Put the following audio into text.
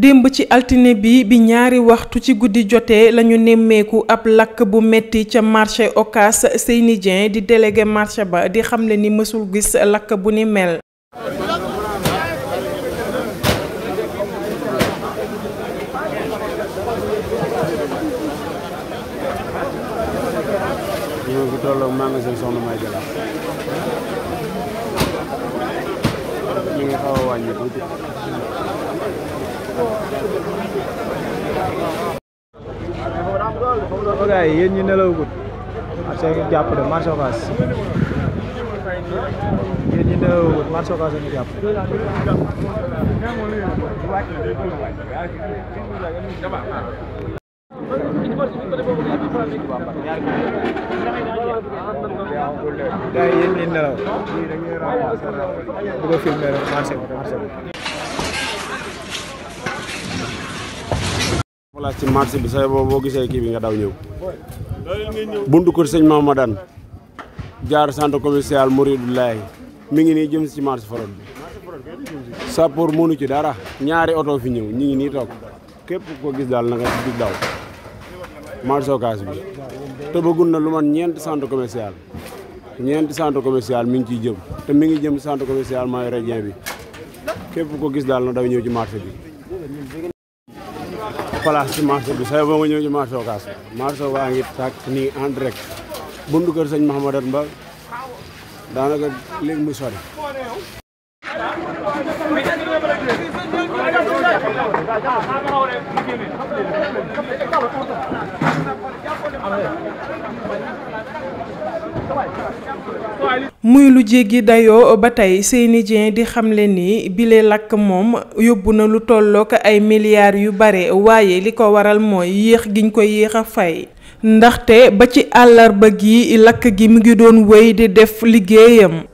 démb ci altine bi bi ñaari waxtu ci guddi jotee lañu nemmeeku ab lakk bu metti ca marché Ocass Seyni di délégué marché ba di xamle ni mësul gis lakk bu ni mel waaw gars yi yéen ñu nelawagul marché ngi jàpp de marché Ocass yéen ñu nelawagul marché Ocass ngi jàpp. gars yi yéen ñu nelaw bu ko filmé rek marché bi marché bi. place ci marché bi say boo boo gisee kii nga daw ñëw buntu kër sëñ Mamadane jaar centre commercial Mouridulaye mi ngi nii jëm si ci marché forod ci dara ñaari oto fi ñëw ñi ngi nii toog képp ko gis daal na daw marché Ocass bi te na lu man ñeenti centre commercial ñeenti centre commercial mi ngi ciy jëm te mi ngi jëm centre commercial mooy bi képp ko gis ñëw ci marché bi place ci marché bi say nga ñëw ci marché Ocass marché waa ngi tàkk nii en direct buntu kër sëñ Mahamadan daanaka léegi muy sori muy lu jéggi dayoo ba tey seeni Dieng di xamle ni bile lakk moom yóbbu na lu tollook ay milliards yu bare waaye li ko waral mooy yéex giñ ko yéex a fay. ndaxte ba ci àllarba gi lakk gi mu ngi doon wéy di def liggéeyam.